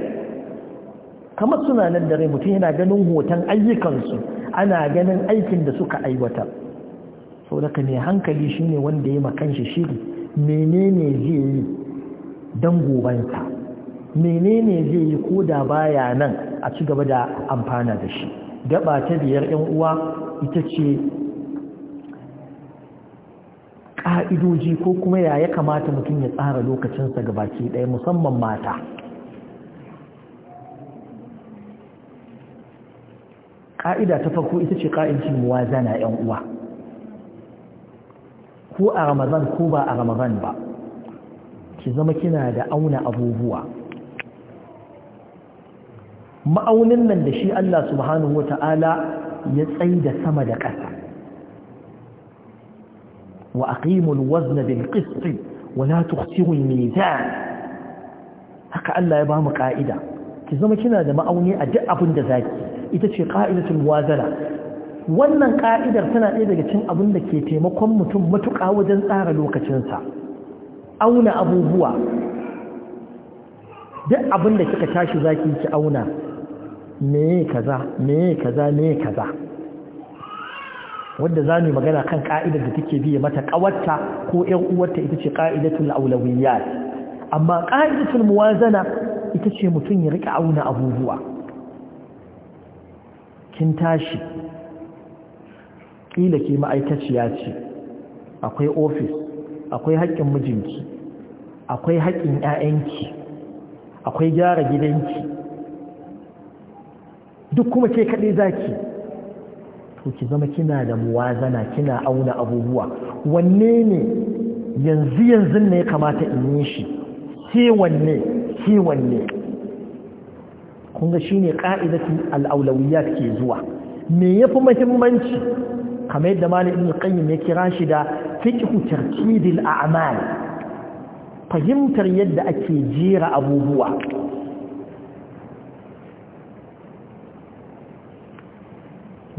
kamar suna nan da rai mutum yana ganin hoton ayyukansu ana ganin aikin da suka aiwata. sau daga mai hankali shine wanda ya makanshi shi shiri menene zai yi don gobanta menene zai yi koda baya nan a ci gaba da amfana da shi gaba ta biyar yan uwa ita ce ƙa'idoji ko kuma ya ya kamata mutum ya tsara lokacinsa gabaki ɗaya musamman mata ƙa'ida ta farko ita ce ƙa'idci muwazana yan uwa ko a ramazan ko ba a ramazan ba ki zama kina da auna abubuwa ma'aunin nan da shi Allah subhanahu wata'ala ya da sama da ƙasa wa aqimul wazna bil qist wa la tukhsiru al mizan haka Allah ya bamu ka'ida ki zama kina da ma'auni a duk abin da zaki ita ce qa'idatul wazana wannan ka'idar tana ɗaya daga cikin abin da ke taimakon mutum matuƙa wajen tsara lokacinsa auna abubuwa duk abin da kika tashi zaki ki auna meye kaza meye kaza meye kaza wanda za magana kan ka'idar da take biye mata kawarta ko ƴan uwarta ita ce ka'idatul aulawiyyat amma ka'idatul muwazana ita ce mutum ya rika auna abubuwa kin tashi kila ke ma'aikaciya ce akwai ofis akwai haƙƙin mijinki akwai haƙƙin 'ya'yanki akwai gyara gidanki duk kuma ke kaɗai ki. to ki zama kina da muwazana kina auna abubuwa wanne ne yanzu yanzu ne ya kamata in yi shi Ke wanne ke wanne kun ga ne ka'idatin al’aulawiyya ke zuwa me fi muhimmanci kamar yadda malamin qayyim ya kira shi da hutar kidil a a'mal fahimtar yadda ake jera abubuwa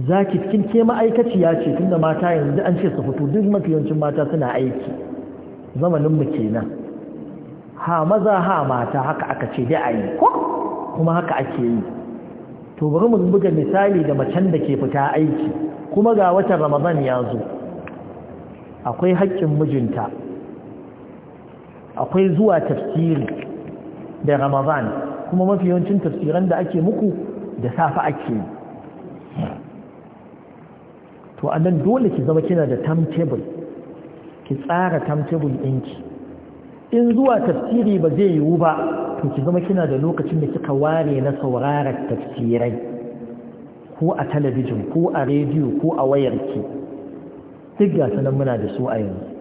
za ki cikin ke ma'aikaciya ce tun da mata yanzu an ce su fito duk mafiyancin mata suna aiki zamaninmu kenan ha maza ha mata haka aka ce dai a ko kuma haka ake yi to bari mu buga misali da macen da ke fita aiki kuma ga watan ramadan ya zo akwai haƙƙin mijinta akwai zuwa tafsiri da ramadan kuma mafi yawancin tafsiran da ake muku da safa ake yi to a nan dole ki zama kina da timetable ki tsara timetable ɗinki in zuwa tafsiri ba zai yiwu ba to ki zama kina da lokacin da kika ware na sauraron tafsirai ko a talabijin ko a rediyo ko a wayarki duk gasa nan muna da su a yanzu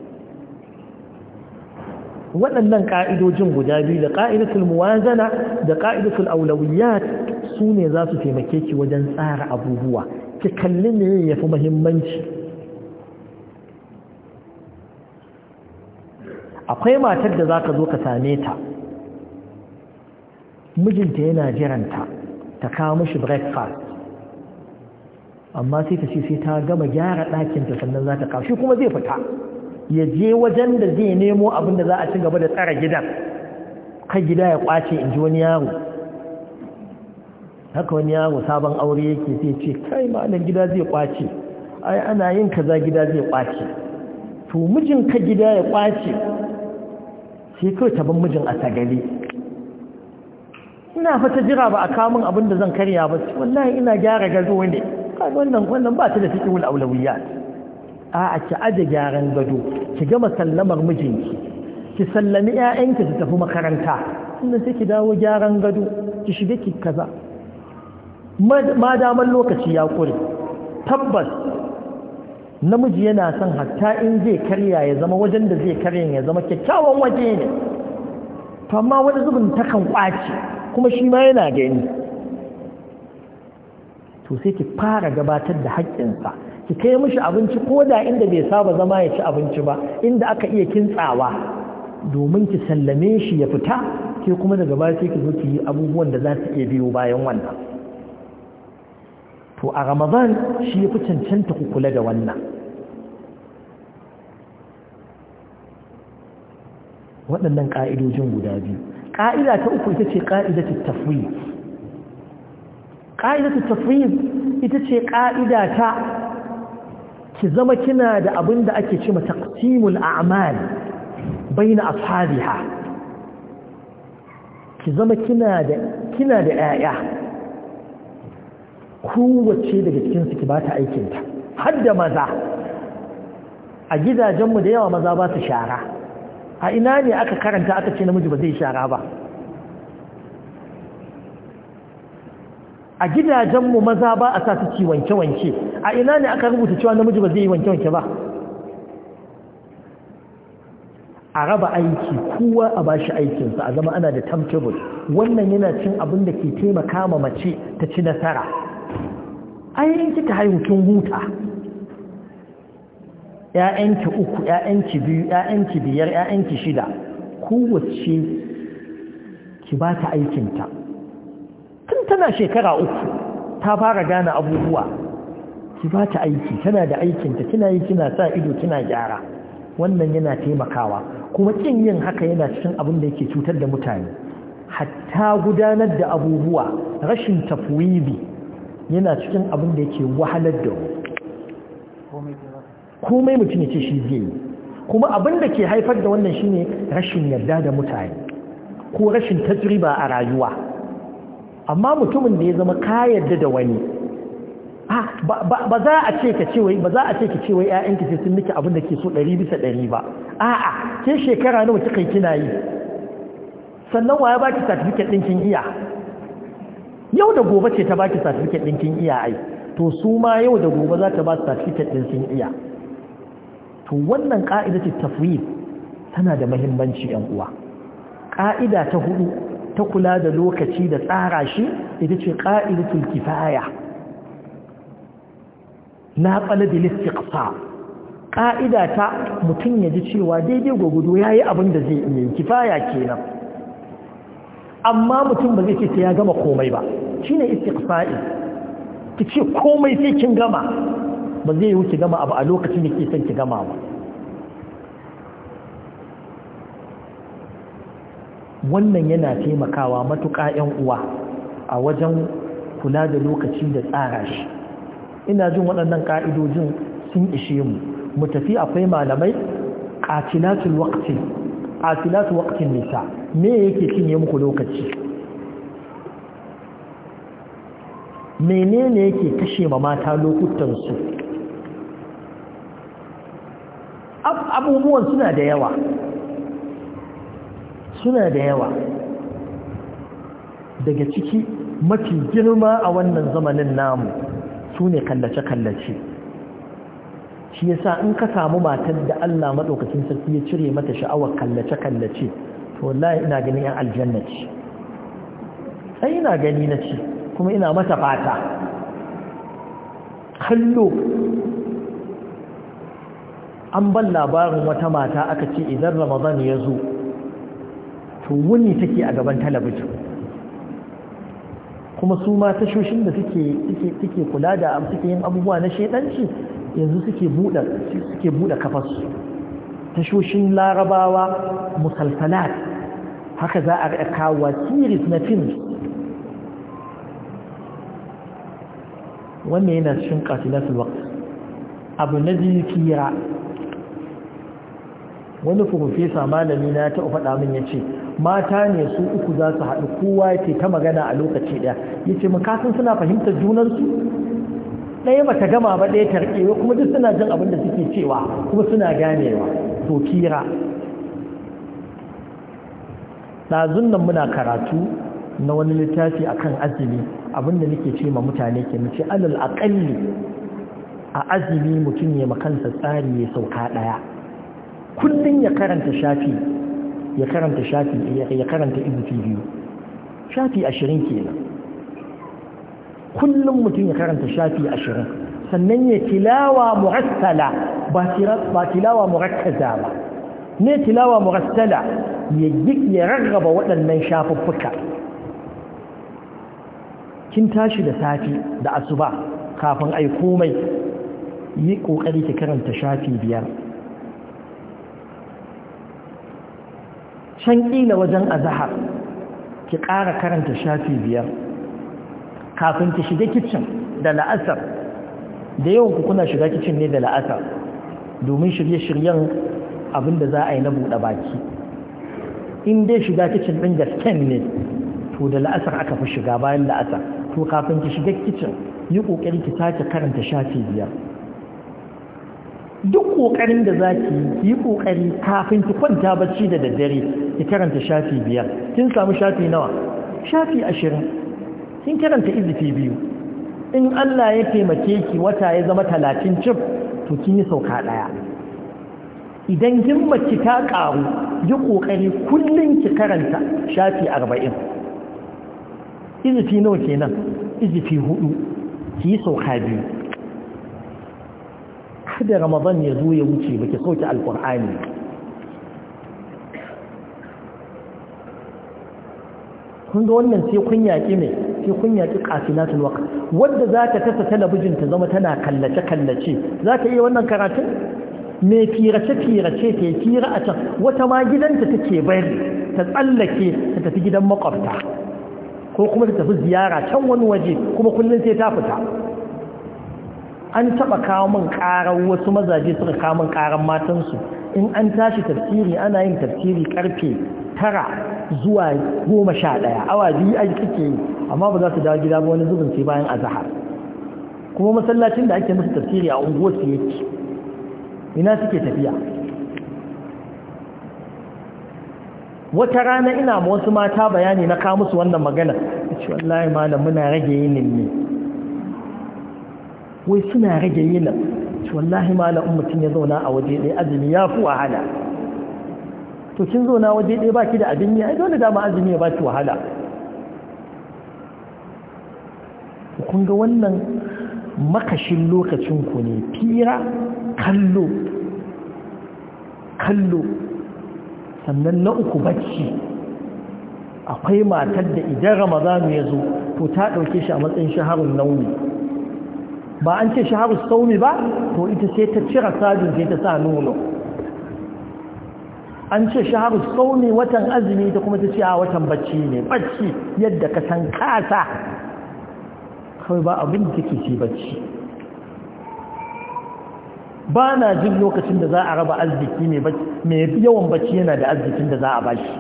waɗannan ƙa'idojin guda biyu da ƙa'idatul muwazana da ƙa'idatul aulawiyat su ne za su taimake ki wajen tsara abubuwa ki kalli ne ya fi muhimmanci akwai matar da za ka zo ka same ta mijinta yana jiranta ta kawo mishi breakfast amma sai ta ce sai ta gama gyara ɗakinta sannan za ta kawo shi kuma zai fita ya je wajen da zai nemo abin da za a ci gaba da tsara gidan ka gida ya kwace in ji wani yaro haka wani yaro sabon aure yake zai ce kai ma'anar gida zai kwace ai ana yin kaza gida zai kwace to mijin ka gida ya kwace sai kawai taban mijin a sagale ina fata jira ba a kamun abin da zan karya ba wallahi ina gyara gazo ne wannan wannan ba ta da cikin awlawiyat a'a ki aje gyaran gado ki gama sallamar mijinki ki sallami ƴaƴanki su tafi makaranta inda sai ki dawo gyaran gado ki shiga ki kaza ma daman lokaci ya kure tabbas namiji yana son hatta in zai karya ya zama wajen da zai karya ya zama kyakkyawan waje ne to amma wani zubin takan kwaci kuma shi ma yana gani to sai ki fara gabatar da haƙƙinsa ki kai mishi abinci ko da inda bai saba zama ya ci abinci ba inda aka iya kintsawa domin ki sallame shi ya fita ke kuma daga baya sai ki zo ki yi abubuwan da za su iya biyo bayan wannan to a ramadan shi ya fi cancanta ku kula da wannan waɗannan ƙa'idojin guda biyu ƙa'ida ta uku ita ce ƙa'ida ta tafiye Ƙa'ida ta tafiye ita ce ƙa'ida ta ki zama kina da abin da ake cima taqsimul a'mal baina ashabiha ki zama kina da kina da yaya kowace daga cikin su ki bata aikin ta har da maza a gidajenmu da yawa maza ba su shara a ina ne aka karanta aka ce namiji ba zai shara ba a gidajenmu maza ba a sa suke wanke-wanke a ina ne aka rubuta cewa namiji ba zai yi wanke-wanke ba a raba aiki kowa a bashi aikinsa a zama ana da tamtable wannan yana cin abin da ke taimaka ma mace ta ci nasara ayin kika haihu kin huta ‘ya'yanki uku ‘ya'yanki biyu ‘ya'yanki biyar ‘ya'yanki shida kowace ki ba ta aikinta tun tana shekara uku ta fara gane abubuwa ki ba ta aiki tana da aikinta kina yi kina sa ido kina gyara wannan yana taimakawa kuma kin yin haka yana cikin abin da yake cutar da mutane hatta gudanar da abubuwa rashin tafwibi yana cikin abin da yake wahalar da komai mutum ya ce shi zai kuma abin da ke haifar da wannan shine rashin yarda da mutane ko rashin tajriba a rayuwa amma mutumin da ya zama ka yarda da wani ba za a ce ka cewa ba za a ce ka cewa ƴaƴanki sai sun miki abin da ke so 100 bisa 100 ba a'a ke shekara nawa kika yi kina yi sannan waya baki certificate ɗinkin iya yau da gobe ce ta baki certificate ɗinkin iya ai to su ma yau da gobe za ta ba su certificate din sun iya to wannan ka'ida ce tafwid tana da muhimmanci yan uwa ka'ida ta hudu ta kula da lokaci da tsara shi ita ce ƙa'idatul kifaya na da istiqsa ƙa'ida ta mutum ya ji cewa daidai gwagwado ya yi abin da zai iya kifaya kenan amma mutum ba zai ce ya gama komai ba shi ne istiqsa'i ki ce komai sai kin gama ba zai yi wuce gama abu a lokacin da ke son ki gama ba wannan yana taimakawa matuƙa 'yan uwa a wajen kula da lokaci da tsara shi ina jin waɗannan ƙa'idojin sun ishe mu mu tafi akwai malamai ƙatilatul waqti ƙatilatul waqtin nisa me yake cinye muku lokaci menene yake kashe ma mata lokutan su abubuwan suna da yawa suna da yawa daga ciki mafi girma a wannan zamanin namu su ne kallace-kallace shi yasa in ka samu matar da Allah maɗaukacin sarki ya cire mata sha'awar kallace-kallace to wallahi ina ganin yan aljanna ce sai ina gani na ce kuma ina mata fata kallo an ban labarin wata mata aka ce idan ramadan ya zo to wuni take a gaban talabijin kuma su ma tashoshin da suke kula da suke yin abubuwa na shaidanci yanzu suke buɗe suke kafarsu tashoshin larabawa musalsalat haka za a kawo series na films wannan yana cikin kasilatul waqt abu na biyu kira wani profesa malami na ta faɗa min ya ce mata ne su uku za su haɗu kowa yake ta magana a lokaci ɗaya ya ce makasin suna fahimtar junarsu ɗaya ba ta gama ba ɗaya tarƙewa kuma duk suna jin abin da suke cewa kuma suna ganewa to kira ɗazun nan muna karatu na wani littafi akan azumi abin da nake ce ma mutane ke mace alal aƙalli a azumi mutum ya makansa tsari ya sauka ɗaya kullum ya karanta shafi ya karanta shafi ya karanta ibuti biyu shafi ashirin kenan kullum mutum ya karanta shafi ashirin sannan ya tilawa murattala ba tilawa murakkaza ba ne tilawa murattala ya rarraba waɗannan shafuffuka kin tashi da safi da asuba kafin ai komai yi ƙoƙari ki karanta shafi biyar can ƙila wajen azahar ki ƙara karanta shafi biyar kafin ki shiga kicin da la'asar da yawan kukuna kuna shiga kicin ne da la'asar domin shirye-shiryen abinda za a yi na buɗe baki in dai shiga kicin ɗin sken ne to da la'asar aka fi shiga bayan la'asar to kafin ki shiga kicin yi ƙoƙari ki ke karanta shafi biyar duk ƙoƙarin da za ki yi ƙoƙari kafin ki kwanta bacci da daddare ki karanta shafi biyar kin samu shafi nawa shafi ashirin kin karanta izifi biyu in Allah ya taimake ki wata ya zama talatin cif to kin yi sauka ɗaya idan himmarki ta ƙaru yi ƙoƙari kullum ki karanta shafi arba'in izifi nawa kenan izifi hudu ki yi sauka biyu kada ramadan ya zo ya wuce ba sauke alkur'ani kun ga wannan sai kun yaƙi ne sai kun yaƙi ƙafinatul waqt wanda za ta tasa talabijin ta zama tana kallace-kallace za ta iya wannan karatun me firace-firace ta yi fira a can wata ma gidanta take bari ta tsallake ta tafi gidan makwabta ko kuma ta tafi ziyara can wani waje kuma kullum sai ta fita an taba kawo min karar wasu mazaje suka kawo min karar matansu in an tashi tafsiri ana yin tafsiri karfe tara zuwa goma sha ɗaya awa biyu an kike yi amma ba za su dawo gida ba wani zubin sai bayan azahar kuma masallacin da ake musu tafsiri a unguwar su yake ina suke tafiya wata rana ina ma wasu mata bayani na kawo musu wannan magana ce wallahi malam muna rage yinin ne wai suna rage yinin wallahi malam mutum ya zauna a waje ɗaya azumi ya fi wahala to kin zauna waje ɗaya baki da abin yi ai dole dama azumi ya baki wahala kun ga wannan makashin lokacin ku ne fira kallo kallo sannan na uku bacci akwai matar da idan ramazanu ya zo to ta ɗauke shi a matsayin shaharun nauyi ba an ce shaharu saumi ba to ita ce ta cira sajin sai ta sa nono an ce shaharu saumi watan azumi ta kuma ta ce a watan bacci ne bacci yadda ka san kasa kawai ba abin da take ce bacci ba na jin lokacin da za a raba arziki mai yawan bacci yana da arzikin da za a bashi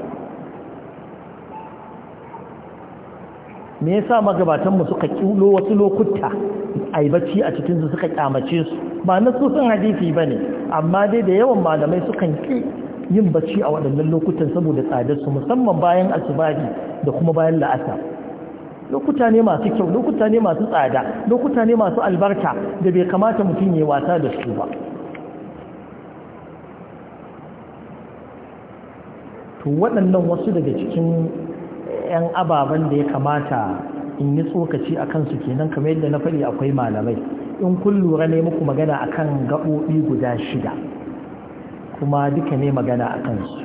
me yasa magabatan mu suka kilo wasu lokuta ai bacci a cikin su suka kyamace su ba na su sun hadisi bane amma dai da yawan malamai sukan ki yin bacci a waɗannan lokutan saboda tsadar su musamman bayan asubahi da kuma bayan la'asa lokuta ne masu kyau lokuta ne masu tsada lokuta ne masu albarka da bai kamata mutum ya wasa da su ba to waɗannan wasu daga cikin 'yan ababen da ya kamata in yi tsokaci a kansu kenan kamar yadda na faɗi akwai malamai in kun lura ne muku magana a kan gaɓoɓi guda shida kuma duka ne magana a kansu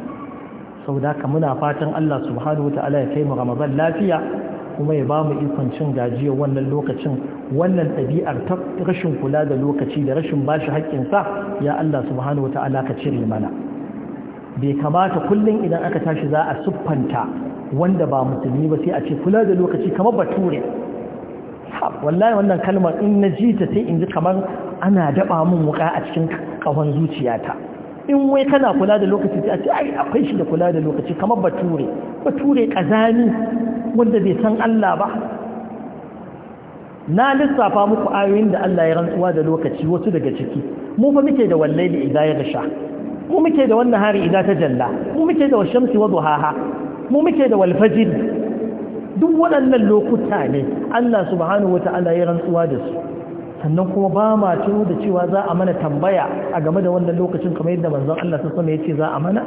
sau da muna fatan Allah subhanahu wa ta'ala ya kai mu ramadan lafiya kuma ya ba mu ikon cin gajiyar wannan lokacin wannan ɗabi'ar ta rashin kula da lokaci da rashin bashi haƙƙinsa ya Allah subhanahu wa ta'ala ka cire mana bai kamata kullum idan aka tashi za a siffanta wanda ba musulmi ba sai a ce kula da lokaci kamar bature wallahi wannan kalmar in na ji ta sai in ji kamar ana daba mun wuka a cikin kahon zuciyata in wai kana kula da lokaci sai a ce ai akwai shi da kula da lokaci kamar bature bature kazani wanda bai san Allah ba na lissafa muku ayoyin da Allah ya rantsuwa da lokaci wasu daga ciki mu fa muke da wallahi da ya gasha mu muke da wannan hari idan ta jalla mu muke da washamsi wa duhaha mu muke da walfajir duk waɗannan lokuta ne Allah subhanahu wa ta'ala ya rantsuwa da su sannan kuma ba ma tuno da cewa za a mana tambaya a game da wannan lokacin kamar yadda manzon Allah sun sama yace za a mana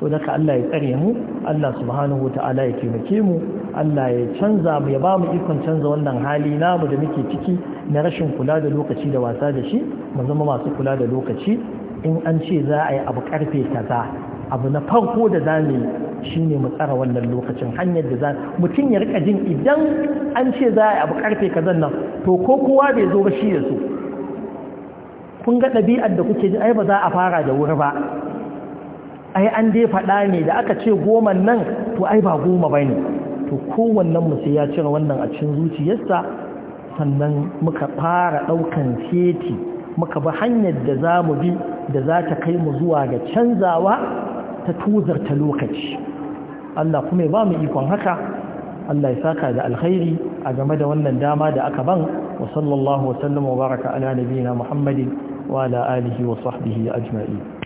so daga Allah ya tsare mu Allah subhanahu wa ta'ala ya taimake mu Allah ya canza mu ya ba mu ikon canza wannan hali namu da muke ciki na rashin kula da lokaci da wasa da shi mu zama masu kula da lokaci in an ce za a yi abu karfe kaza abu na farko da za mu shi ne mu tsara wannan lokacin hanyar da za mutum ya rika jin idan an ce za a yi abu karfe kazan nan to ko kowa bai zo ba shi ya so kun ga ɗabi'ar da kuke jin ai ba za a fara da wuri ba ai an dai faɗa ne da aka ce goma nan to ai ba goma ba ne to kowannen mu sai ya cire wannan a cikin zuciyarsa sannan muka fara ɗaukan feti, muka bi hanyar da za mu bi da za ta kai mu zuwa ga canzawa ta tuzarta lokaci Allah kuma ya ba mu ikon haka Allah ya saka da alkhairi a game da wannan dama da aka ban wa sallallahu wa sallama wa baraka ala nabiyina Muhammadin wa ala alihi wa sahbihi ajma'in